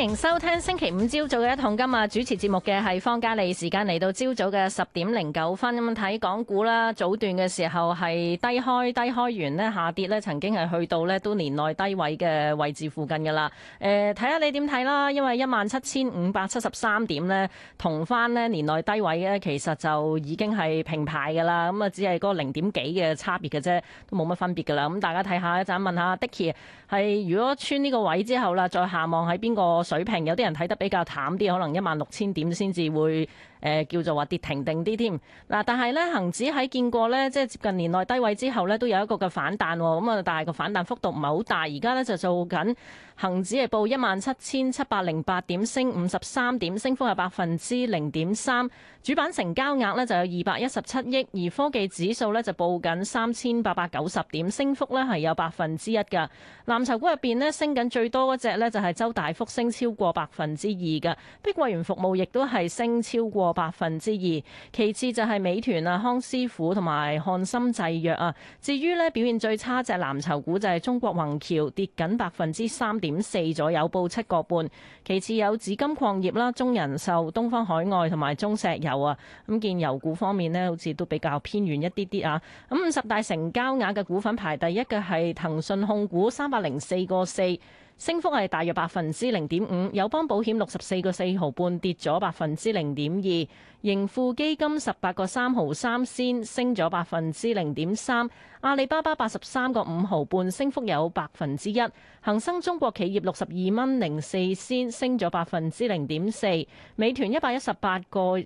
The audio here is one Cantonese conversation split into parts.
歡迎收聽星期五朝早嘅一桶金。今日主持節目嘅係方嘉莉，時間嚟到朝早嘅十點零九分，咁樣睇港股啦。早段嘅時候係低開，低開完呢，下跌咧，曾經係去到呢都年內低位嘅位置附近噶啦。誒，睇下你點睇啦？因為一萬七千五百七十三點呢，同翻呢年內低位呢，其實就已經係平排噶啦。咁啊，只係嗰個零點幾嘅差別嘅啫，都冇乜分別噶啦。咁大家睇下，一陣問下 Dicky 係如果穿呢個位之後啦，再下望喺邊個？水平有啲人睇得比較淡啲，可能一萬六千點先至會。誒、呃、叫做話跌停定啲添嗱，但係呢，恒指喺見過呢，即係接近年內低位之後呢，都有一個嘅反彈喎。咁啊，但係個反彈幅度唔係好大。而家呢，就做緊恒指係報一萬七千七百零八點升，升五十三點，升幅係百分之零點三。主板成交額呢，就有二百一十七億，而科技指數呢，就報緊三千八百九十點，升幅呢係有百分之一㗎。藍籌股入邊呢，升緊最多嗰隻呢，就係、是、周大福，升超過百分之二㗎。碧桂園服務亦都係升超過。百分之二，其次就係美團啊、康師傅同埋漢森製藥啊。至於呢表現最差隻藍籌股就係中國宏橋，跌緊百分之三點四左右，報七個半。其次有紫金礦業啦、中人壽、東方海外同埋中石油啊。咁見油股方面呢，好似都比較偏遠一啲啲啊。咁五十大成交額嘅股份排第一嘅係騰訊控股 4. 4，三百零四個四。升幅係大約百分之零點五。友邦保險六十四個四毫半，跌咗百分之零點二。盈富基金十八個三毫三仙，升咗百分之零點三。阿里巴巴八十三個五毫半升幅有百分之一。恒生中國企業六十二蚊零四仙，升咗百分之零點四。美團一百一十八個二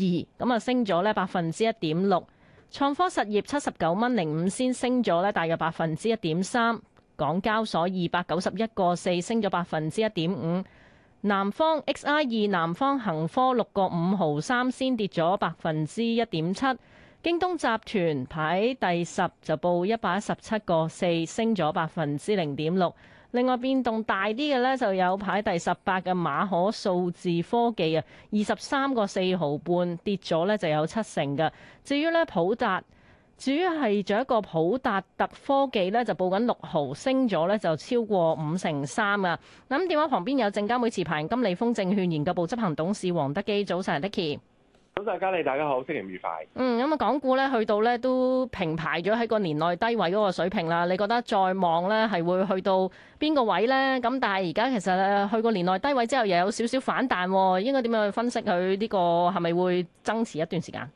咁啊，升咗呢百分之一點六。創科實業七十九蚊零五仙，升咗呢大約百分之一點三。港交所二百九十一個四升咗百分之一點五，南方 XI 二南方恒科六個五毫三先跌咗百分之一點七，京東集團排第十就報一百一十七個四升咗百分之零點六，另外變動大啲嘅呢就有排第十八嘅馬可數字科技啊，二十三個四毫半跌咗呢就有七成㗎，至於呢普達。主要係仲有一個普達特科技咧，就報緊六毫，升咗咧就超過五成三啊！咁電話旁邊有證監會持牌金利豐證券研究部執行董事黃德基，早晨，Nicky。早晨，嘉利，大家好，星期五愉快。嗯，咁啊，港股咧去到咧都平排咗喺個年內低位嗰個水平啦。你覺得再望咧係會去到邊個位咧？咁但係而家其實咧去過年內低位之後又有少少反彈，應該點樣去分析佢呢個係咪會增持一段時間？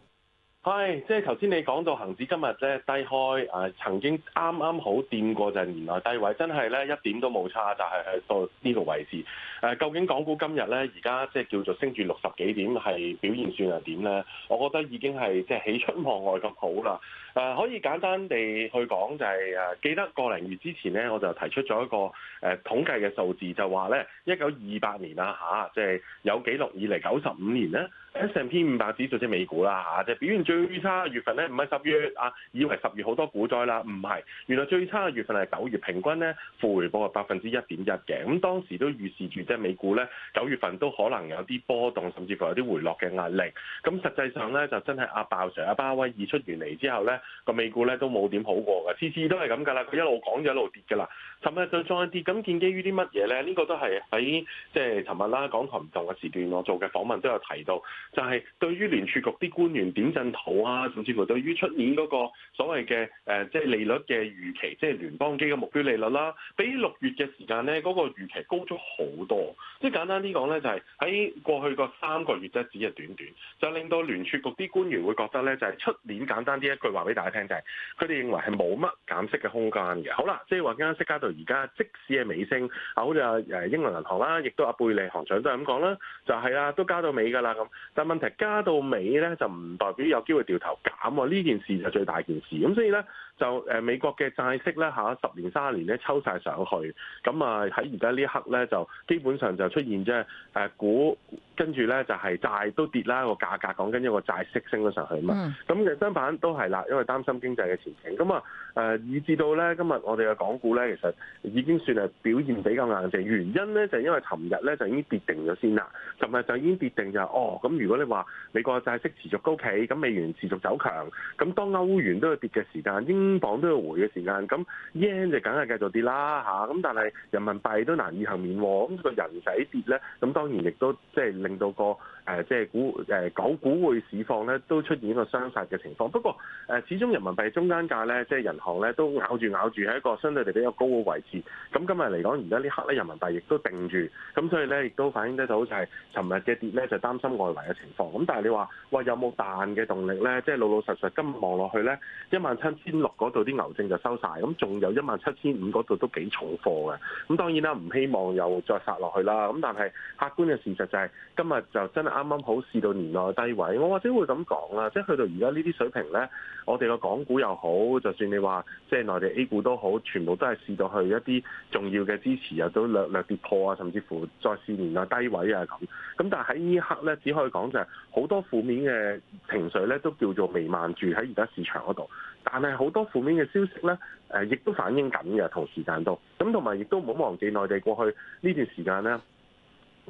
係，Hi，即係頭先你講到恒指今日咧低開，誒、呃、曾經啱啱好掂過陣，原來低位真係咧一點都冇差，就係到呢個位置，誒、呃，究竟港股今日咧而家即係叫做升住六十幾點，係表現算係點咧？我覺得已經係即係喜出望外咁好啦。誒、呃，可以簡單地去講就係、是、誒、呃，記得個零月之前咧，我就提出咗一個誒、呃、統計嘅數字，就話咧一九二八年啊嚇，即、就、係、是、有記錄以嚟九十五年咧。S&P 五百指數即係美股啦嚇，即係表現最差月份咧，唔係十月啊，以為十月好多股災啦，唔係，原來最差月份係九月，平均咧負回報係百分之一點一嘅。咁當時都預示住即係美股咧九月份都可能有啲波動，甚至乎有啲回落嘅壓力。咁實際上咧就真係阿鮑 Sir，阿鮑威爾出完嚟之後咧個美股咧都冇點好過嘅，次次都係咁㗎啦，佢一路講就一路跌㗎啦，尋日就再跌，咁建基於啲乜嘢咧？呢個都係喺即係尋日啦，港台唔同嘅時段我做嘅訪問都有提到。就係對於聯儲局啲官員點陣圖啊，甚至乎對於出年嗰個所謂嘅誒，即、呃、係、就是、利率嘅預期，即、就、係、是、聯邦基金目標利率啦、啊，比六月嘅時間咧，嗰、那個預期高咗好多。即係簡單啲講咧，就係、是、喺過去個三個月即啫，只係短短，就令到聯儲局啲官員會覺得咧，就係、是、出年簡單啲一,一句話俾大家聽就係，佢哋認為係冇乜減息嘅空間嘅。好啦，即係話啱啱加息加到而家，即使係尾聲啊，好似阿誒英倫銀行啦，亦都阿貝利行長都係咁講啦，就係、是、啦，都加到尾㗎啦咁。但問題加到尾咧，就唔代表有機會掉頭減喎。呢件事就最大件事，咁所以咧。就誒，美國嘅債息咧，嚇，十年三十年咧抽晒上去。咁啊，喺而家呢一刻咧就基本上就出現啫誒、啊、股跟住咧就係、是、債都跌啦，個價格講緊一個債息升咗上去啊嘛，咁嘅相反都係啦，因為擔心經濟嘅前景，咁啊誒以至到咧今日我哋嘅港股咧其實已經算係表現比較硬淨，原因咧就係、是、因為尋日咧就已經跌定咗先啦，尋日就已經跌定就係哦，咁如果你話美國嘅債息持續高企，咁美元持續走強，咁當歐元都要跌嘅時間應金磅都要回嘅時間，咁 yen 就梗係繼續跌啦嚇，咁但係人民幣都難以倖免，咁個人仔跌咧，咁當然亦都即係令到個。誒即係股誒港股會市況咧，都出現一個雙殺嘅情況。不過誒始終人民幣中間價咧，即係銀行咧都咬住咬住喺一個相對地比較高嘅位置。咁今日嚟講，而家呢刻咧人民幣亦都定住。咁所以咧亦都反映得到就係尋日嘅跌咧，就擔心外圍嘅情況。咁但係你話話有冇彈嘅動力咧？即係老老實實今望落去咧，一萬七千六嗰度啲牛證就收晒，咁仲有一萬七千五嗰度都幾重貨嘅。咁當然啦，唔希望又再殺落去啦。咁但係客觀嘅事實就係今日就真係。啱啱好試到年內低位，我或者會咁講啦，即係去到而家呢啲水平呢，我哋個港股又好，就算你話即係內地 A 股都好，全部都係試到去一啲重要嘅支持啊，都略略跌破啊，甚至乎再試年內低位啊咁。咁但係喺呢一刻呢，只可以講就係、是、好多負面嘅情緒呢，都叫做瀰漫住喺而家市場嗰度。但係好多負面嘅消息呢，誒亦都反映緊嘅同時間都咁，同埋亦都唔好忘記內地過去呢段時間呢。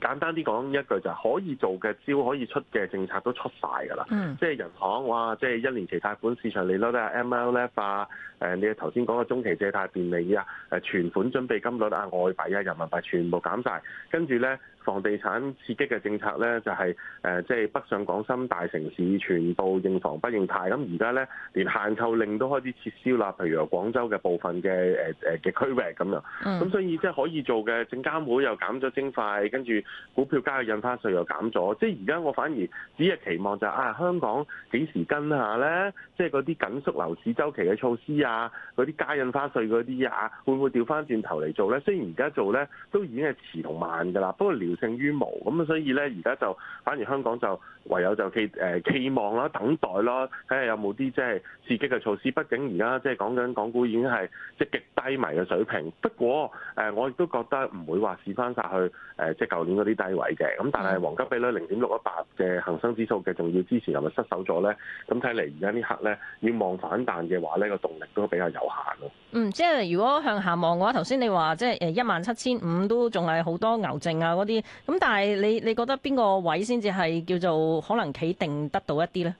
簡單啲講一句，就係、是、可以做嘅招，可以出嘅政策都出晒㗎啦。嗯、即係人行，哇！即係一年期貸款市場利率咧，MLF 啊，誒，你頭先講嘅中期借貸便利啊，誒，存款準備金率啊，外幣啊，人民幣全部減晒。跟住咧。房地產刺激嘅政策咧，就係誒，即係北上廣深大城市全部認房不認貸。咁而家咧，連限購令都開始撤銷啦。譬如話廣州嘅部分嘅誒誒嘅區域咁樣。咁、嗯、所以即係可以做嘅，證監會又減咗徵費，跟住股票加印花稅又減咗。即係而家我反而只係期望就係、是、啊，香港幾時跟下咧？即係嗰啲緊縮樓市週期嘅措施啊，嗰啲加印花稅嗰啲啊，會唔會調翻轉頭嚟做咧？雖然而家做咧都已經係遲同慢㗎啦，不過勝於無咁所以咧，而家就反而香港就唯有就期誒、呃、期望啦、等待啦，睇下有冇啲即係刺激嘅措施。畢竟而家即係講緊港股已經係即係極低迷嘅水平。不過誒、呃，我亦都覺得唔會話試翻晒去誒，即係舊年嗰啲低位嘅。咁但係黃金比率零點六一八嘅恒生指數嘅重要支持又咪失守咗咧？咁睇嚟而家呢刻咧，要望反彈嘅話咧，個動力都比較有限咯。嗯，即係如果向下望嘅話，頭先你話即係誒一萬七千五都仲係好多牛證啊嗰啲。咁但係你你覺得邊個位先至係叫做可能企定得到一啲咧？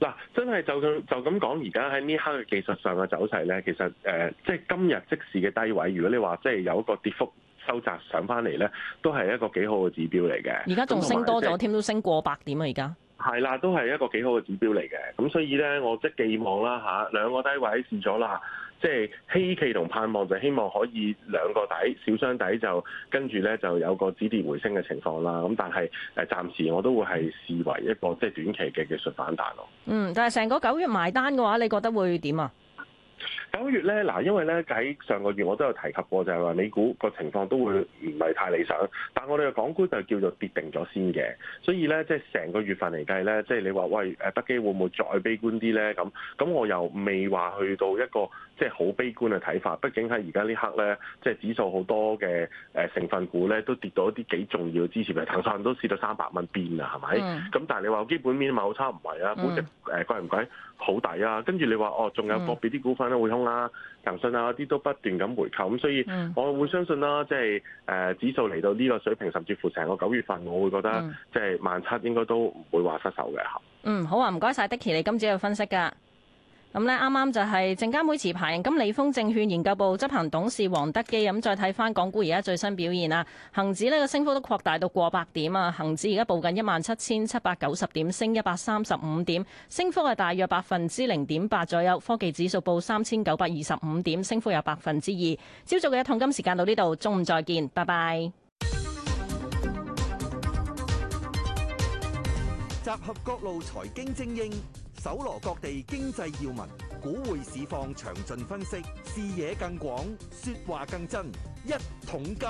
嗱，真係就就咁講，而家喺呢刻嘅技術上嘅走勢咧，其實誒、呃，即係今日即時嘅低位，如果你話即係有一個跌幅收窄上翻嚟咧，都係一個幾好嘅指標嚟嘅。而家仲升多咗添，就是、都升過百點啊！而家係啦，都係一個幾好嘅指標嚟嘅。咁所以咧，我即係寄望啦吓，兩、啊、個低位試咗啦。即係希冀同盼望，就希望可以兩個底、小雙底，就跟住咧，就有個止跌回升嘅情況啦。咁但係誒，暫時我都會係視為一個即係短期嘅技術反彈咯。嗯，但係成個九月埋單嘅話，你覺得會點啊？九月咧，嗱，因為咧喺上個月我都有提及過，就係話美股個情況都會唔係太理想，但係我哋嘅港股就叫做跌定咗先嘅，所以咧即係成個月份嚟計咧，即係你話喂誒，德基會唔會，會再悲觀啲咧？咁咁我又未話去到一個即係好悲觀嘅睇法，畢竟喺而家呢刻咧，即係指數好多嘅誒成分股咧都跌到一啲幾重要嘅支持嚟騰訊都試到三百蚊邊啊，係咪？咁、mm. 但係你話基本面冇差，唔係啊，估值誒、mm. 貴唔貴好抵啊？跟住你話哦，仲有個別啲股份咧會啦，騰訊啊啲都不斷咁回購，咁所以我會相信啦，即係誒指數嚟到呢個水平，甚至乎成個九月份，我會覺得、嗯、即係萬七應該都唔會話失手嘅嚇。嗯，好啊，唔該晒，Dicky，你今朝有分析㗎。咁呢啱啱就係證監會持牌人金利豐證券研究部執行董事黃德基，咁再睇翻港股而家最新表現啦。恒指呢個升幅都擴大到過百點啊。恒指而家報緊一萬七千七百九十點，升一百三十五點，升幅係大約百分之零點八左右。科技指數報三千九百二十五點，升幅有百分之二。朝早嘅一桶金時間到呢度，中午再見，拜拜。集合各路財經精英，搜羅各地經濟要聞，股匯市況詳盡分析，視野更廣，說話更真，一桶金。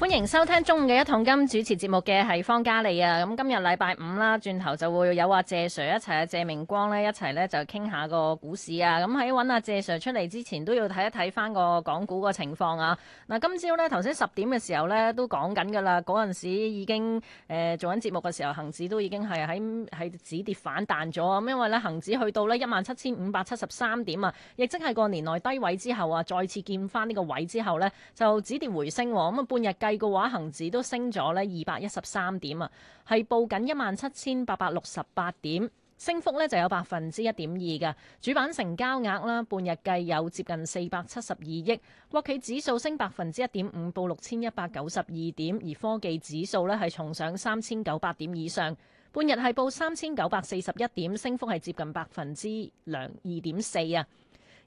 歡迎收聽中午嘅一桶金，主持節目嘅係方嘉莉啊！咁今日禮拜五啦，轉頭就會有阿、啊、謝 Sir 一齊啊，謝明光呢一齊呢就傾下個股市啊！咁喺揾阿謝 Sir 出嚟之前，都要睇一睇翻個港股個情況啊！嗱、啊，今朝呢頭先十點嘅時候呢都講緊噶啦，嗰陣時已經誒、呃、做緊節目嘅時候，恒指都已經係喺喺止跌反彈咗咁，因為呢，恒指去到呢一萬七千五百七十三點啊，亦即係個年內低位之後啊，再次見翻呢個位之後呢，就止跌回升、啊，咁、嗯、啊半日計。係嘅話，恒指都升咗咧，二百一十三點啊，係報緊一萬七千八百六十八點，升幅咧就有百分之一點二㗎。主板成交額啦。半日計有接近四百七十二億，國企指數升百分之一點五，報六千一百九十二點，而科技指數咧係重上三千九百點以上，半日係報三千九百四十一點，升幅係接近百分之兩二點四啊。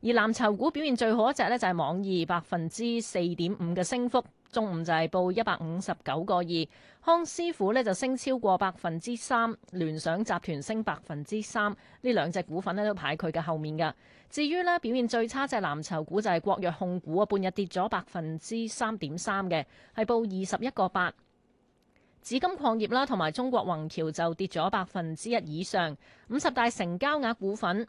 而藍籌股表現最好一隻咧，就係網易百分之四點五嘅升幅。中午就係報一百五十九個二，康師傅咧就升超過百分之三，聯想集團升百分之三，呢兩隻股份咧都排佢嘅後面㗎。至於呢表現最差隻藍籌股，就係國藥控股啊，半日跌咗百分之三點三嘅，係報二十一個八。紫金礦業啦，同埋中國宏橋就跌咗百分之一以上。五十大成交額股份，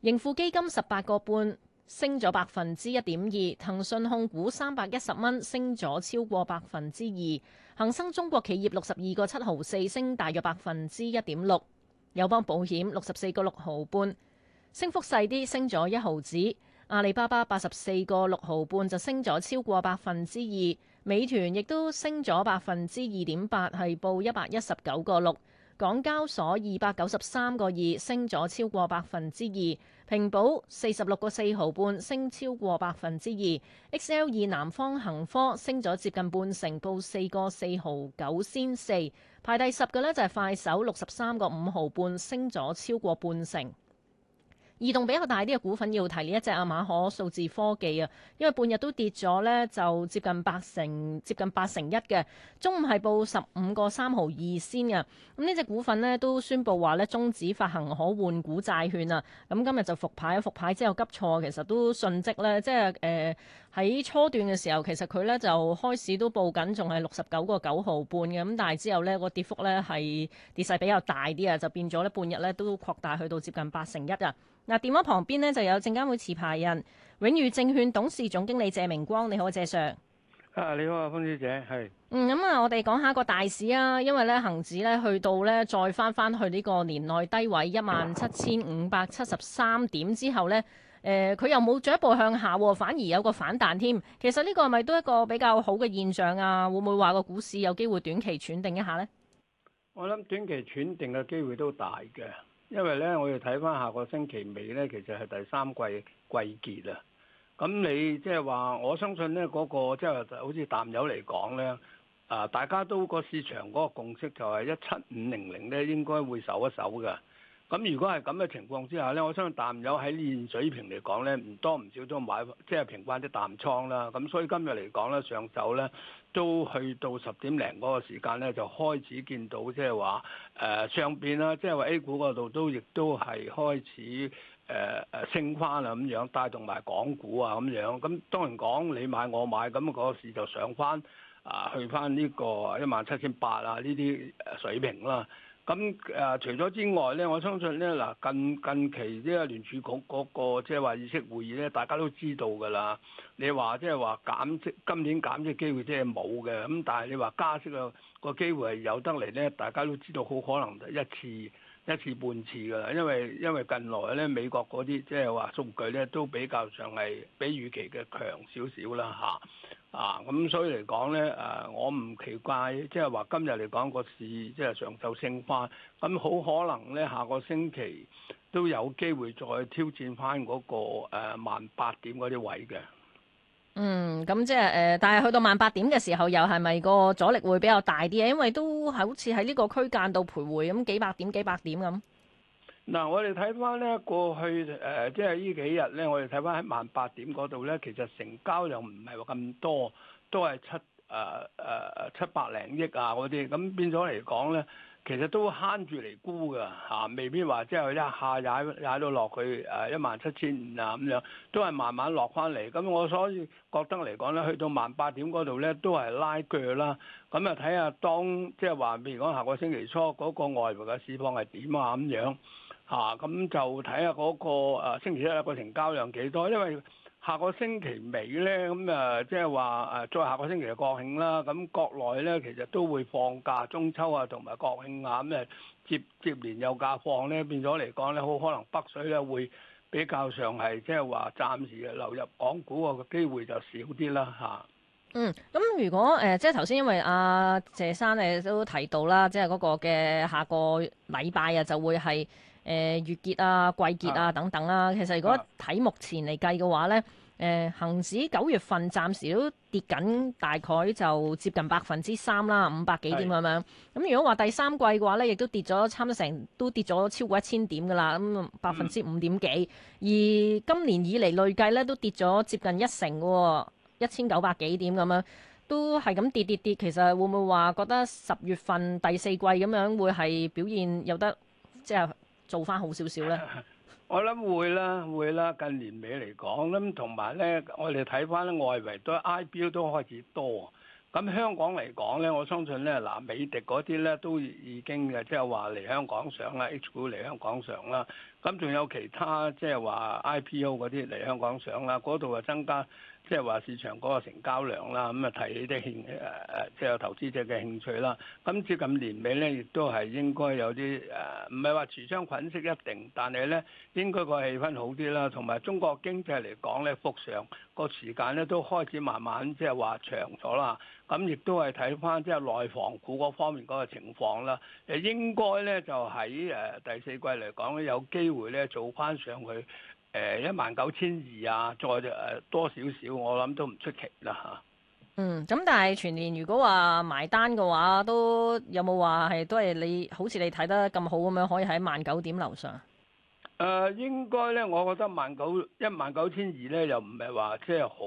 盈富基金十八個半。升咗百分之一點二，騰訊控股三百一十蚊，升咗超過百分之二，恒生中國企業六十二個七毫四，升大約百分之一點六，友邦保險六十四個六毫半，升幅細啲，升咗一毫子，阿里巴巴八十四個六毫半就升咗超過百分之二，美團亦都升咗百分之二點八，係報一百一十九個六。港交所二百九十三個二，升咗超過百分之二，平保四十六個四毫半，升超過百分之二，XL 二南方恒科升咗接近半成，報四個四毫九先四，排第十嘅呢，就係快手六十三個五毫半升咗超過半成。移動比較大啲嘅股份要提呢一隻阿馬可數字科技啊，因為半日都跌咗呢，就接近八成，接近八成一嘅。中午係報十五個三毫二先嘅。咁呢隻股份呢，都宣佈話呢，終止發行可換股債券啊。咁今日就復牌，復牌之後急挫，其實都順即呢。即係誒喺初段嘅時候，其實佢呢就開始都報緊，仲係六十九個九毫半嘅。咁但係之後呢，個跌幅呢係跌勢比較大啲啊，就變咗呢，半日呢都擴大去到接近八成一啊。嗱，電話旁邊咧就有證監會持牌人永裕證券董事總經理謝明光，你好，謝 Sir。啊，你好啊，方小姐，係。嗯，咁啊，我哋講下個大市啊，因為咧恆指咧去到咧再翻翻去呢個年內低位一萬七千五百七十三點之後咧，誒、呃，佢又冇進一步向下，反而有個反彈添。其實呢個係咪都係一個比較好嘅現象啊？會唔會話個股市有機會短期喘定一下呢？我諗短期喘定嘅機會都大嘅。.因為咧，我要睇翻下個星期尾咧，其實係第三季季結啊。咁你即係話，我相信咧、那、嗰個即係、就是、好似淡友嚟講咧，啊大家都個市場嗰個共識就係一七五零零咧，應該會守一守㗎。咁如果係咁嘅情況之下呢，我相信淡友喺呢段水平嚟講呢，唔多唔少都買，即係平均啲淡倉啦。咁所以今日嚟講呢，上晝呢都去到十點零嗰個時間咧，就開始見到即係話誒上邊啦，即係話 A 股嗰度都亦都係開始誒誒升翻啦咁樣，帶動埋港股啊咁樣。咁當然講你買我買，咁個市就上翻啊，去翻呢個一萬七千八啊呢啲水平啦。咁誒、呃、除咗之外咧，我相信咧嗱近近期呢聯、那個聯儲局嗰個即係話議息會議咧，大家都知道㗎啦。你話即係話減息，今年減息機會即係冇嘅。咁但係你話加息個個機會係有得嚟咧，大家都知道好可能一次一次半次㗎啦。因為因為近來咧美國嗰啲即係話數據咧都比較上係比預期嘅強少少啦嚇。啊啊，咁所以嚟講呢，誒、呃，我唔奇怪，即係話今日嚟講個市，即係上晝升翻，咁好可能呢，下個星期都有機會再挑戰翻嗰、那個誒萬八點嗰啲位嘅。嗯，咁即係誒、呃，但係去到萬八點嘅時候，又係咪個阻力會比較大啲啊？因為都係好似喺呢個區間度徘徊咁，幾百點幾百點咁。嗱、啊，我哋睇翻咧過去誒、呃，即係呢幾日咧，我哋睇翻喺萬八點嗰度咧，其實成交又唔係話咁多，都係七誒誒、呃呃、七百零億啊嗰啲，咁變咗嚟講咧，其實都慳住嚟估噶嚇，未必話即係一下踩踩到落去誒一萬七千五啊咁樣，都係慢慢落翻嚟。咁我所以覺得嚟講咧，去到萬八點嗰度咧，都係拉鋸啦。咁啊睇下當即係話，譬如講下個星期初嗰、那個外部嘅市況係點啊咁樣。嚇，咁、啊、就睇下嗰個、啊、星期一個成交量幾多，因為下個星期尾咧，咁誒即係話誒再下個星期就國慶啦，咁、啊、國內咧其實都會放假，中秋啊同埋國慶啊，咁、嗯、誒接接連有假放咧，變咗嚟講咧，好可能北水咧會比較上係即係話暫時流入港股嘅機會就少啲啦嚇。啊、嗯，咁如果誒、呃、即係頭先因為阿、啊、謝生你都提到啦，即係嗰個嘅下個禮拜啊就會係。誒、呃、月結啊、季結啊等等啊，其實如果睇目前嚟計嘅話呢，誒、呃、恆指九月份暫時都跌緊，大概就接近百分之三啦，五百幾點咁樣。咁是如果話第三季嘅話呢，亦都跌咗差唔多成，都跌咗超過一千點噶啦，咁百分之五點幾。而今年以嚟累計呢，都跌咗接近一成嘅，一千九百幾點咁樣，都係咁跌跌跌。其實會唔會話覺得十月份第四季咁樣會係表現有得即係？做翻好少少啦。我諗會啦，會啦。近年尾嚟講，咁同埋咧，我哋睇翻外圍都 IPO 都開始多。咁香港嚟講咧，我相信咧，嗱，美的嗰啲咧都已經誒，即係話嚟香港上啦，H 股嚟香港上啦。咁仲有其他即係話 IPO 嗰啲嚟香港上啦，嗰度啊增加。即係話市場嗰個成交量啦，咁啊提起啲興誒誒，即係有投資者嘅興趣啦。咁接近年尾咧，亦都係應該有啲誒，唔係話持商捆息一定，但係咧應該個氣氛好啲啦。同埋中國經濟嚟講咧，復常個時間咧都開始慢慢即係話長咗啦。咁亦都係睇翻即係內房股嗰方面嗰個情況啦。誒應該咧就喺誒第四季嚟講咧，有機會咧做翻上去。誒、呃，一萬九千二啊，再誒、呃、多少少，我諗都唔出奇啦吓。嗯，咁但係全年如果話埋單嘅話，都有冇話係都係你好似你睇得咁好咁樣，可以喺萬九點樓上？誒、呃，應該咧，我覺得萬九一萬九千二咧，又唔係話即係好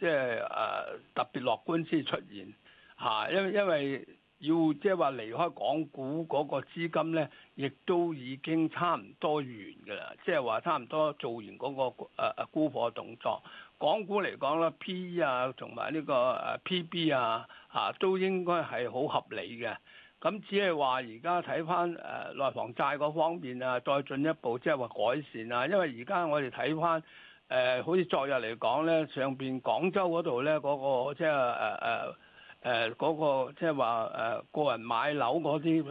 即係誒、呃、特別樂觀先出現吓、啊，因為因為。要即係話離開港股嗰個資金咧，亦都已經差唔多完㗎啦。即係話差唔多做完嗰個誒沽貨動作。港股嚟講咧，P E 啊，同埋呢個誒 P B 啊，吓都應該係好合理嘅。咁只係話而家睇翻誒內房債嗰方面啊，再進一步即係話改善啊。因為而家我哋睇翻誒，好似昨日嚟講咧，上邊廣州嗰度咧嗰個即係誒誒。誒嗰、呃，那個即係話誒個人買樓嗰啲誒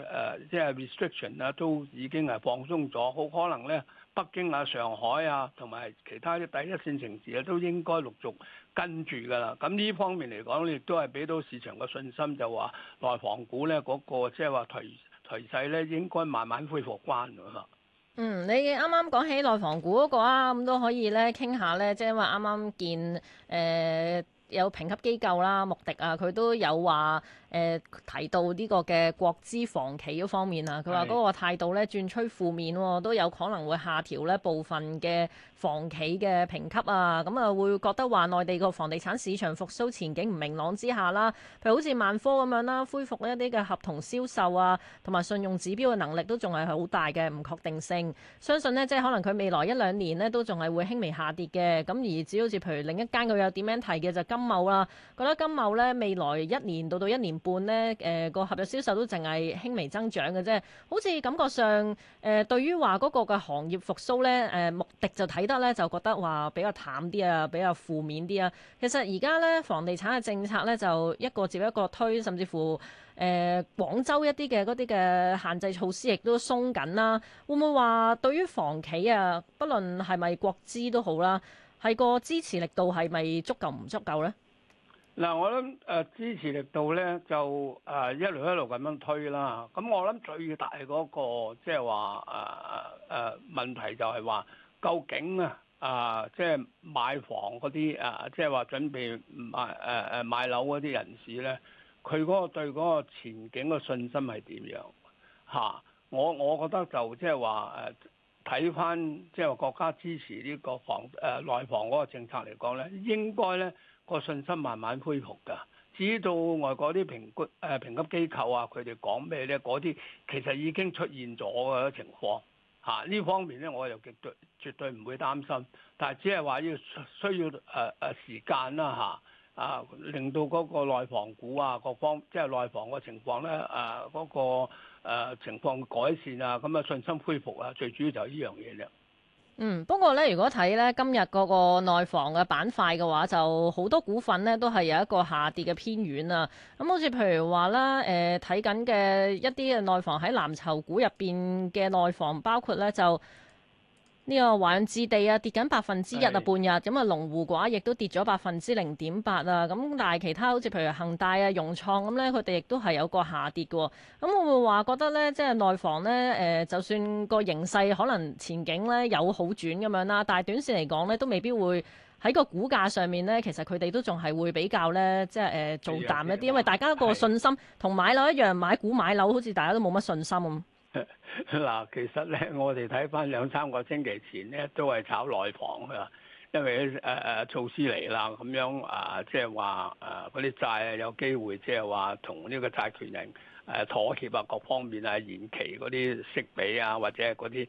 即係 restriction 啦，都已經係放鬆咗，好可能咧，北京啊、上海啊，同埋其他啲第一線城市啊，都應該陸續跟住噶啦。咁呢方面嚟講，你亦都係俾到市場個信心，就話內房股咧嗰，那個即係話頹頹勢咧，應該慢慢恢復翻啦。嗯，你啱啱講起內房股嗰個啊，咁都可以咧傾下咧，即係話啱啱見誒。呃有評級機構啦，穆迪啊，佢都有話誒、呃、提到呢個嘅國資房企嗰方面啊，佢話嗰個態度咧轉趨負面，哦，都有可能會下調咧部分嘅房企嘅評級啊，咁、嗯、啊會覺得話內地個房地產市場復甦前景唔明朗之下啦，譬如好似萬科咁樣啦，恢復一啲嘅合同銷售啊，同埋信用指標嘅能力都仲係好大嘅唔確定性。相信咧，即係可能佢未來一兩年咧都仲係會輕微下跌嘅。咁而至於好似譬如另一間佢又點樣提嘅就金茂啦，覺得金茂咧未來一年到到一年半咧，誒、呃、個合約銷售都淨係輕微增長嘅啫。好似感覺上誒、呃、對於話嗰個嘅行業復甦咧，誒目的就睇得咧就覺得話比較淡啲啊，比較負面啲啊。其實而家咧，房地產嘅政策咧就一個接一個推，甚至乎誒、呃、廣州一啲嘅嗰啲嘅限制措施亦都鬆緊啦、啊。會唔會話對於房企啊，不論係咪國資都好啦，係個支持力度係咪足夠唔足夠咧？嗱、呃，我諗誒、呃、支持力度咧就誒、呃、一路一路咁樣推啦。咁、嗯、我諗最大嗰個即係話誒誒問題就係話，究竟啊啊，即係買房嗰啲啊，即係話準備買誒誒、啊、買樓嗰啲人士咧，佢嗰個對嗰個前景嘅信心係點樣嚇、啊？我我覺得就即係話誒睇翻即係話國家支持呢個房誒、啊、內房嗰個政策嚟講咧，應該咧個信心慢慢恢復㗎。至於到外國啲評估誒、啊、評級機構啊，佢哋講咩咧？嗰啲其實已經出現咗嘅情況。啊！呢方面咧，我又絕對絕對唔會擔心，但係只係話要需要誒誒、呃、時間啦嚇啊，令到嗰個內房股啊各方即係內房嘅情況咧誒嗰個、呃、情況改善啊，咁啊信心恢復啊，最主要就係呢樣嘢啦。嗯，不過咧，如果睇咧今日嗰個內房嘅板塊嘅話，就好多股份咧都係有一個下跌嘅偏遠啊。咁好似譬如話啦，誒睇緊嘅一啲嘅內房喺藍籌股入邊嘅內房，包括咧就。呢個華潤置地啊，跌緊百分之一啊半日，咁啊龍湖嘅話亦都跌咗百分之零點八啊，咁但係其他好似譬如恒大啊、融創咁咧，佢哋亦都係有個下跌嘅、哦。咁會唔會話覺得咧，即係內房咧，誒、呃，就算個形勢可能前景咧有好轉咁樣啦，但係短線嚟講咧都未必會喺個股價上面咧，其實佢哋都仲係會比較咧，即係誒、呃、做淡一啲，因為大家個信心同買樓一樣，的買股買樓好似大家都冇乜信心咁。嗱，其實咧，我哋睇翻兩三個星期前咧，都係炒內房啊，因為誒誒措施嚟啦，咁樣啊，即係話啊，嗰啲債有機會即係話同呢個債權人誒妥協啊，各方面啊，延期嗰啲息比啊，或者係嗰啲誒誒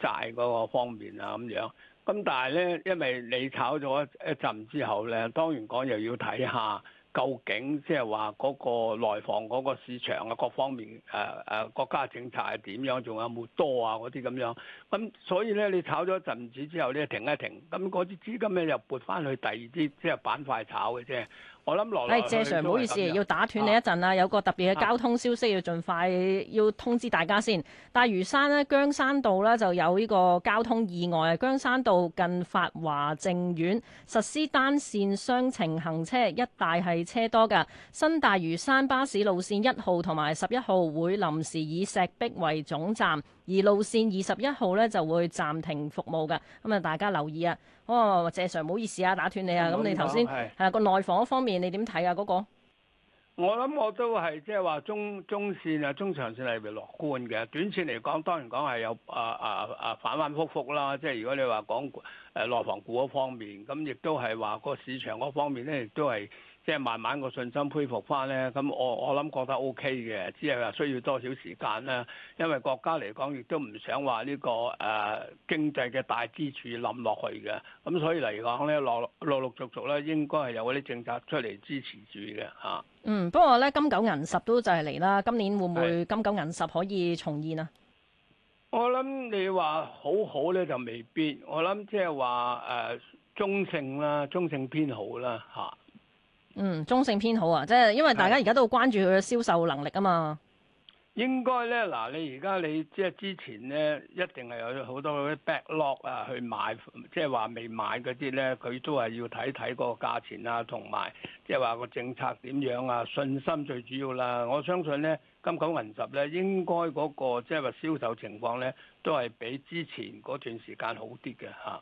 債嗰個方面啊咁樣。咁但係咧，因為你炒咗一陣之後咧，當然講又要睇下。究竟即係話嗰個內房嗰個市場啊，各方面誒誒、呃呃、國家政策係點樣，仲有冇多啊嗰啲咁樣咁，所以咧，你炒咗一陣子之後咧，停一停，咁嗰啲資金咧又撥翻去第二啲即係板塊炒嘅啫。我諗落。謝 Sir，唔好意思，要打斷你一陣啦，啊、有個特別嘅交通消息，啊、要盡快要通知大家先。大嶼山呢，姜山道呢，就有呢個交通意外啊。姜山道近法華正院實施單線雙程行車，一帶係車多嘅。新大嶼山巴士路線一號同埋十一號會臨時以石壁為總站。而路線二十一號咧就會暫停服務嘅，咁啊大家留意啊！哦，謝常唔好意思啊，打斷你啊，咁你頭先係個內房嗰方面你點睇啊？嗰個我諗我都係即係話中中線啊，中長線係咪樂觀嘅，短線嚟講當然講係有啊啊啊反反覆覆啦。即係如果你話講誒內房股嗰方面，咁亦都係話個市場嗰方面咧，亦都係。即係慢慢個信心恢復翻咧，咁我我諗覺得 OK 嘅，只係話需要多少時間啦。因為國家嚟講、這個，亦都唔想話呢個誒經濟嘅大支柱冧落去嘅，咁所以嚟講咧，落落陸陸續續咧，應該係有嗰啲政策出嚟支持住嘅嚇。嗯，不過咧金九銀十都就係嚟啦，今年會唔會金九銀十可以重現啊？我諗你話好好咧就未必，我諗即係話誒中性啦，中性偏好啦嚇。啊嗯，中性偏好啊，即係因為大家而家都好關注佢嘅銷售能力啊嘛。應該咧，嗱，你而家你即係之前咧，一定係有好多嗰啲 backlog 啊，去買，即係話未買嗰啲咧，佢都係要睇睇個價錢啊，同埋即係話個政策點樣啊，信心最主要啦。我相信咧，金九銀十咧，應該嗰個即係話銷售情況咧，都係比之前嗰段時間好啲嘅吓。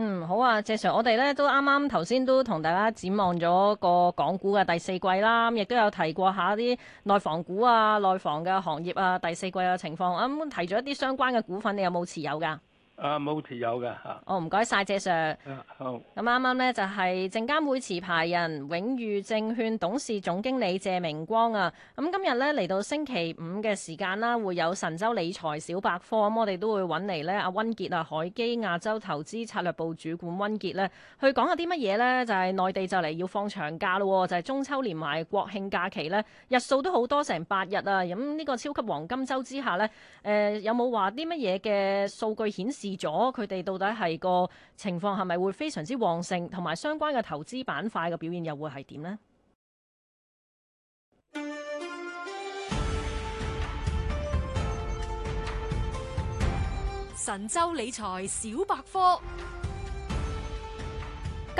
嗯，好啊，謝 Sir。我哋咧都啱啱頭先都同大家展望咗個港股嘅第四季啦，亦都有提過下啲內房股啊、內房嘅行業啊，第四季嘅情況，咁、嗯、提咗一啲相關嘅股份，你有冇持有噶？啊，冇持有嘅。吓哦，唔該晒謝 Sir、啊。好。咁啱啱咧就係證監會持牌人永譽證券董事總經理謝明光啊。咁、嗯、今日咧嚟到星期五嘅時間啦，會有神州理財小百科，咁、嗯、我哋都會揾嚟咧，阿、啊、溫杰啊，海基亞洲投資策略部主管溫杰咧，去講下啲乜嘢咧？就係、是、內地就嚟要放長假咯，就係、是、中秋連埋國慶假期咧，日數都好多成八日啊。咁、嗯、呢、這個超級黃金周之下咧，誒、呃、有冇話啲乜嘢嘅數據顯示？咗佢哋到底係個情況係咪會非常之旺盛，同埋相關嘅投資板塊嘅表現又會係點呢，呢？神州理財小百科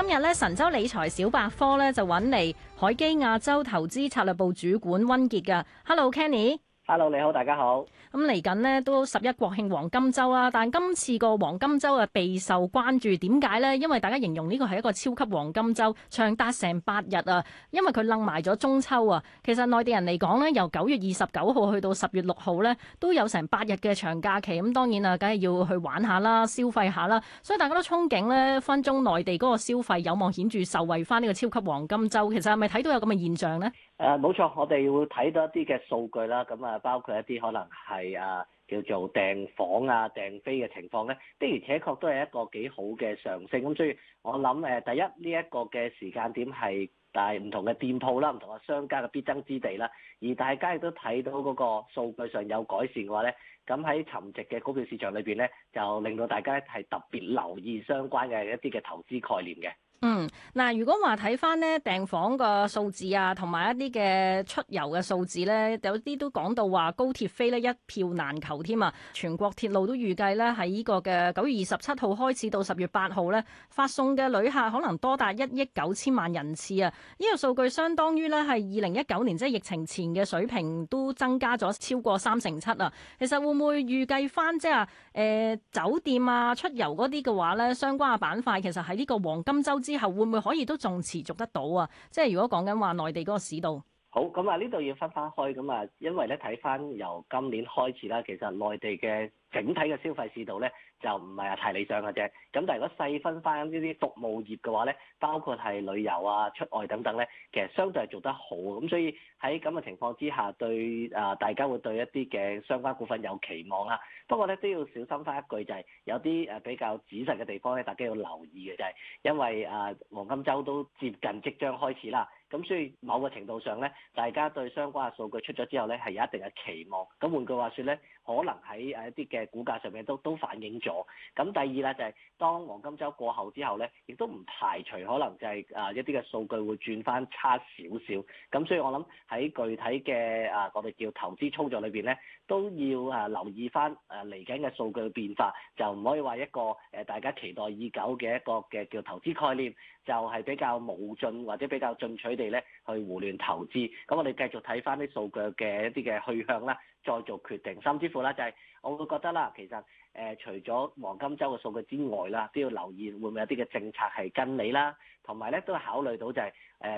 今日咧，神州理財小百科咧就揾嚟海基亞洲投資策略部主管溫傑嘅。Hello，Kenny。Hello，你好，大家好。咁嚟緊呢都十一國慶黃金周啦，啊，但今次個黃金周啊備受關注，點解呢？因為大家形容呢個係一個超級黃金周，長達成八日啊，因為佢冧埋咗中秋啊。其實內地人嚟講呢，由九月二十九號去到十月六號呢，都有成八日嘅長假期。咁當然啊，梗係要去玩下啦，消費下啦。所以大家都憧憬呢，分中內地嗰個消費有望顯著受惠翻呢個超級黃金周。其實係咪睇到有咁嘅現象呢？誒冇錯，我哋會睇到一啲嘅數據啦，咁啊包括一啲可能係啊叫做訂房啊訂飛嘅情況咧，的而且確都係一個幾好嘅上升。咁所以我諗誒，第一呢一個嘅時間點係但係唔同嘅店鋪啦，唔同嘅商家嘅必爭之地啦。而大家亦都睇到嗰個數據上有改善嘅話咧，咁喺沉寂嘅股票市場裏邊咧，就令到大家係特別留意相關嘅一啲嘅投資概念嘅。嗯，嗱，如果話睇翻咧訂房個數字啊，同埋一啲嘅出遊嘅數字咧，有啲都講到話高鐵飛咧一票難求添啊！全國鐵路都預計咧喺依個嘅九月二十七號開始到十月八號咧，發送嘅旅客可能多達一億九千萬人次啊！呢個數據相當於咧係二零一九年即係疫情前嘅水平都增加咗超過三成七啊，其實會唔會預計翻即係誒酒店啊出遊啲嘅話咧，相關嘅板塊其實喺呢個黃金周。之後會唔會可以都仲持續得到啊？即係如果講緊話內地嗰個市道。好咁啊，呢度要分翻開咁啊，因為咧睇翻由今年開始啦，其實內地嘅整體嘅消費市道咧就唔係啊太理想嘅啫。咁但係如果細分翻呢啲服務業嘅話咧，包括係旅遊啊、出外等等咧，其實相對係做得好。咁所以喺咁嘅情況之下，對啊，大家會對一啲嘅相關股份有期望啦。不過咧都要小心翻一句就係有啲誒比較仔細嘅地方咧，大家要留意嘅就係因為啊，黃金周都接近即將開始啦。咁所以某個程度上咧，大家對相關嘅數據出咗之後咧，係有一定嘅期望。咁換句話說咧，可能喺誒一啲嘅股價上面都都反映咗。咁第二咧就係、是、當黃金週過後之後咧，亦都唔排除可能就係、是、誒、啊、一啲嘅數據會轉翻差少少。咁所以我諗喺具體嘅啊，我哋叫投資操作裏邊咧。都要啊留意翻誒嚟緊嘅數據變化，就唔可以話一個誒大家期待已久嘅一個嘅叫投資概念，就係比較無盡或者比較進取地咧去胡亂投資。咁我哋繼續睇翻啲數據嘅一啲嘅去向啦，再做決定。甚至乎咧就係我會覺得啦，其實誒除咗黃金周嘅數據之外啦，都要留意會唔會有啲嘅政策係跟你啦，同埋咧都考慮到就係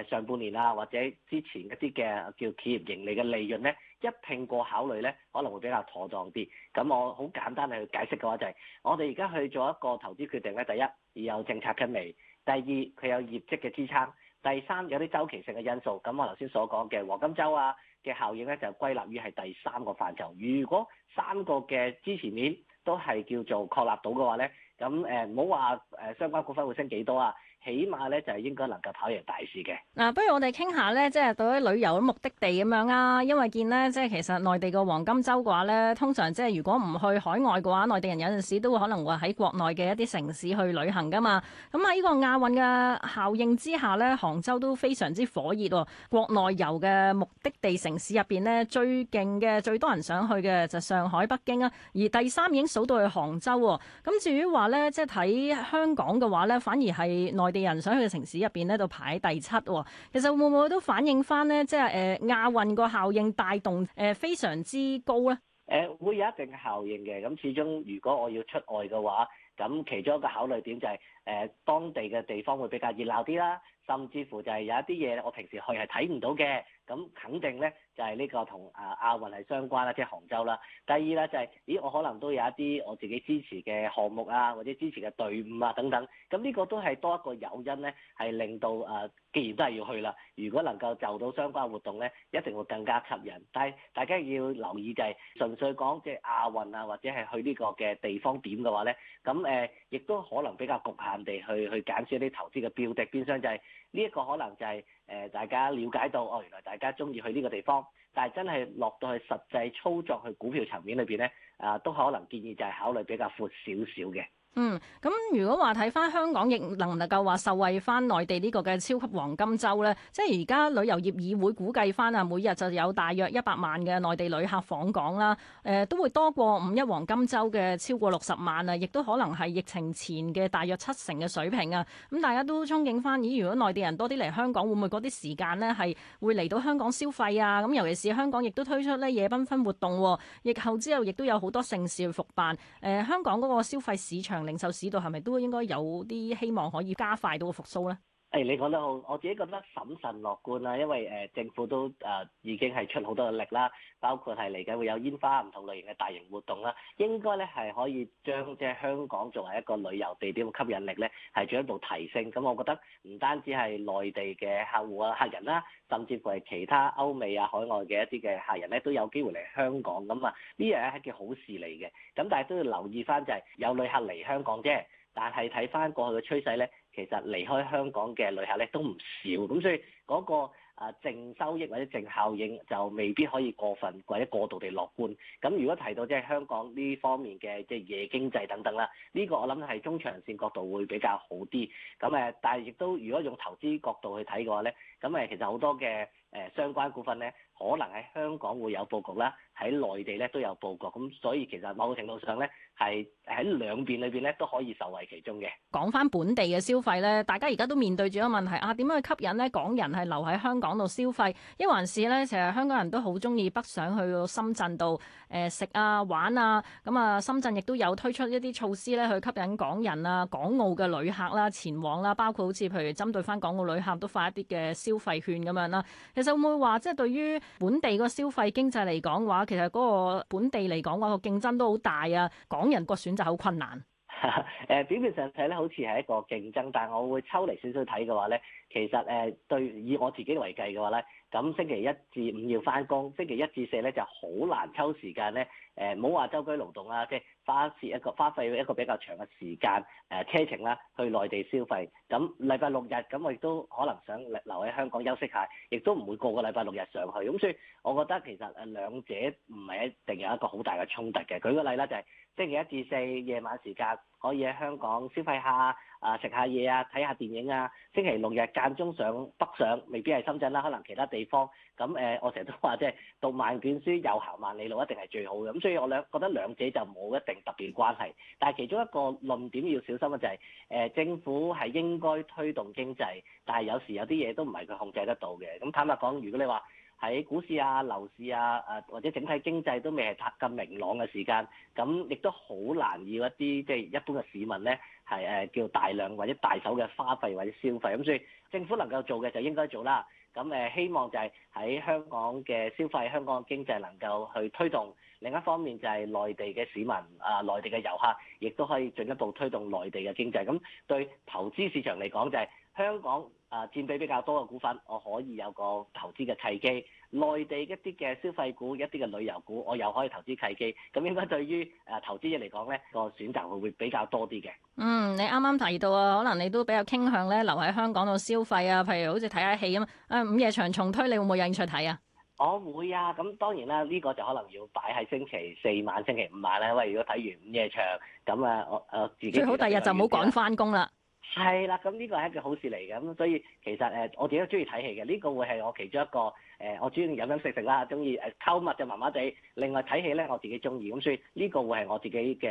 誒上半年啊或者之前一啲嘅叫企業盈利嘅利潤咧。一拼過考慮呢可能會比較妥當啲。咁我好簡單去解釋嘅話就係，我哋而家去做一個投資決定咧，第一要有政策嘅利，第二佢有業績嘅支撐，第三有啲周期性嘅因素。咁我頭先所講嘅黃金周啊嘅效應呢，就歸納於係第三個範疇。如果三個嘅支持面都係叫做確立到嘅話呢，咁誒唔好話誒相關股份會升幾多啊？起碼咧就係、是、應該能夠跑贏大市嘅。嗱、啊，不如我哋傾下咧，即係對於旅遊目的地咁樣啊。因為見呢，即係其實內地個黃金周嘅話咧，通常即係如果唔去海外嘅話，內地人有陣時都可能會喺國內嘅一啲城市去旅行噶嘛。咁喺呢個亞運嘅效應之下咧，杭州都非常之火熱、哦。國內遊嘅目的地城市入邊呢，最勁嘅、最多人想去嘅就上海、北京啊。而第三已經數到去杭州喎、哦。咁、嗯、至於話咧，即係睇香港嘅話咧，反而係內。佢哋人想去嘅城市入邊咧，度排第七、哦。其實會唔會都反映翻咧？即係誒亞運個效應帶動誒非常之高咧。誒會有一定嘅效應嘅。咁始終如果我要出外嘅話，咁其中一個考慮點就係、是、誒當地嘅地方會比較熱鬧啲啦。甚至乎就係有一啲嘢我平時去係睇唔到嘅。咁肯定咧，就係呢個同啊亞運係相關啦，即係杭州啦。第二咧就係、是，咦，我可能都有一啲我自己支持嘅項目啊，或者支持嘅隊伍啊等等。咁呢個都係多一個誘因咧，係令到啊，既然都係要去啦，如果能夠就到相關活動咧，一定會更加吸引。但係大家要留意就係、是，純粹講即係亞運啊，或者係去呢個嘅地方點嘅話咧，咁誒，亦、呃、都可能比較局限地去去減少一啲投資嘅標的，變相就係呢一個可能就係、是。誒，大家了解到哦，原來大家中意去呢個地方，但係真係落到去實際操作去股票層面裏邊咧，啊，都可能建議就係考慮比較闊少少嘅。嗯，咁如果話睇翻香港亦能唔能夠話受惠翻內地呢個嘅超級黃金周咧，即係而家旅遊業議會估計翻啊，每日就有大約一百萬嘅內地旅客訪港啦。誒、呃、都會多過五一黃金周嘅超過六十萬啊，亦都可能係疫情前嘅大約七成嘅水平啊。咁、嗯、大家都憧憬翻，咦？如果內地人多啲嚟香港，會唔會嗰啲時間咧係會嚟到香港消費啊？咁、嗯、尤其是香港亦都推出咧夜繽紛活動，疫後之後亦都有好多盛事去復辦誒、呃、香港嗰個消費市場。零售市道係咪都應該有啲希望可以加快到個復蘇咧？誒，hey, 你講得好，我自己覺得審慎樂觀啦，因為誒、呃、政府都誒、呃、已經係出好多嘅力啦，包括係嚟緊會有煙花唔同類型嘅大型活動啦，應該咧係可以將即係香港作為一個旅遊地點嘅吸引力咧係進一步提升。咁、嗯、我覺得唔單止係內地嘅客戶啊客人啦、啊，甚至乎係其他歐美啊海外嘅一啲嘅客人咧都有機會嚟香港咁啊，呢樣係件好事嚟嘅。咁但係都要留意翻就係有旅客嚟香港啫，但係睇翻過去嘅趨勢咧。其實離開香港嘅旅客咧都唔少，咁所以嗰個啊淨收益或者淨效應就未必可以過分或者過度地樂觀。咁如果提到即係香港呢方面嘅即係夜經濟等等啦，呢個我諗係中長線角度會比較好啲。咁誒，但係亦都如果用投資角度去睇嘅話咧，咁誒其實好多嘅誒相關股份咧，可能喺香港會有佈局啦。喺內地咧都有佈局，咁所以其實某程度上咧，係喺兩邊裏邊咧都可以受惠其中嘅。講翻本地嘅消費咧，大家而家都面對住一個問題啊，點樣去吸引咧港人係留喺香港度消費？一環是咧，其實香港人都好中意北上去到深圳度誒食啊玩啊，咁啊深圳亦都有推出一啲措施咧去吸引港人啊、港澳嘅旅客啦前往啦，包括好似譬如針對翻港澳旅客都發一啲嘅消費券咁樣啦。其實會唔會話即係對於本地個消費經濟嚟講嘅話？其實嗰個本地嚟講，嗰個競爭都好大啊！港人個選擇好困難。誒、 呃、表面上睇咧，好似係一個競爭，但係我會抽離少少睇嘅話咧，其實誒、呃、對以我自己為計嘅話咧。咁星期一至五要翻工，星期一至四咧就好難抽時間咧，誒、唔好話舟車勞頓啊，即係花時一個花費一個比較長嘅時間，誒、呃、車程啦，去內地消費。咁禮拜六日咁我亦都可能想留喺香港休息下，亦都唔會個個禮拜六日上去。咁所以，我覺得其實誒兩者唔係一定有一個好大嘅衝突嘅。舉個例啦，就係星期一至四夜晚時間可以喺香港消費下。啊！食下嘢啊，睇下電影啊。星期六日間中上北上，未必係深圳啦，可能其他地方。咁誒、呃，我成日都話即係讀萬卷書，又行萬里路，一定係最好嘅。咁所以我兩覺得兩者就冇一定特別關係。但係其中一個論點要小心嘅就係、是，誒、呃，政府係應該推動經濟，但係有時有啲嘢都唔係佢控制得到嘅。咁坦白講，如果你話，喺股市啊、樓市啊、誒或者整體經濟都未係咁明朗嘅時間，咁亦都好難要一啲即係一般嘅市民咧，係誒叫大量或者大手嘅花費或者消費。咁所以政府能夠做嘅就應該做啦。咁誒希望就係喺香港嘅消費，香港嘅經濟能夠去推動。另一方面就係內地嘅市民啊，呃、內地嘅遊客，亦都可以進一步推動內地嘅經濟。咁對投資市場嚟講就係香港。啊，佔比比較多嘅股份，我可以有個投資嘅契機。內地一啲嘅消費股、一啲嘅旅遊股，我又可以投資契機。咁應該對於誒投資者嚟講咧，個選擇會會比較多啲嘅。嗯，你啱啱提到啊，可能你都比較傾向咧，留喺香港度消費啊，譬如好似睇下戲啊嘛。午夜場重推，你會唔會有興趣睇啊？我會啊，咁當然啦，呢、這個就可能要擺喺星期四晚、星期五晚啦。喂，如果睇完午夜場，咁啊，我我自己，自己最好第日就唔好趕翻工啦。係啦，咁呢個係一件好事嚟嘅，咁所以其實誒，我自己都中意睇戲嘅，呢個會係我其中一個誒，我中意飲飲食食啦，中意誒購物就麻麻地，另外睇戲咧我自己中意，咁所以呢個會係我自己嘅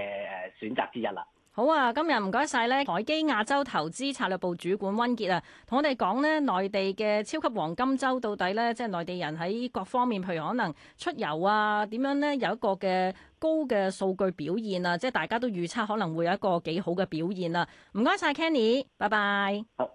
誒選擇之一啦。好啊，今日唔該晒咧，海基亞洲投資策略部主管温杰啊，同我哋講呢內地嘅超級黃金週到底呢？即係內地人喺各方面，譬如可能出遊啊，點樣呢？有一個嘅高嘅數據表現啊，即係大家都預測可能會有一個幾好嘅表現啊。唔該晒，Kenny，拜拜。好。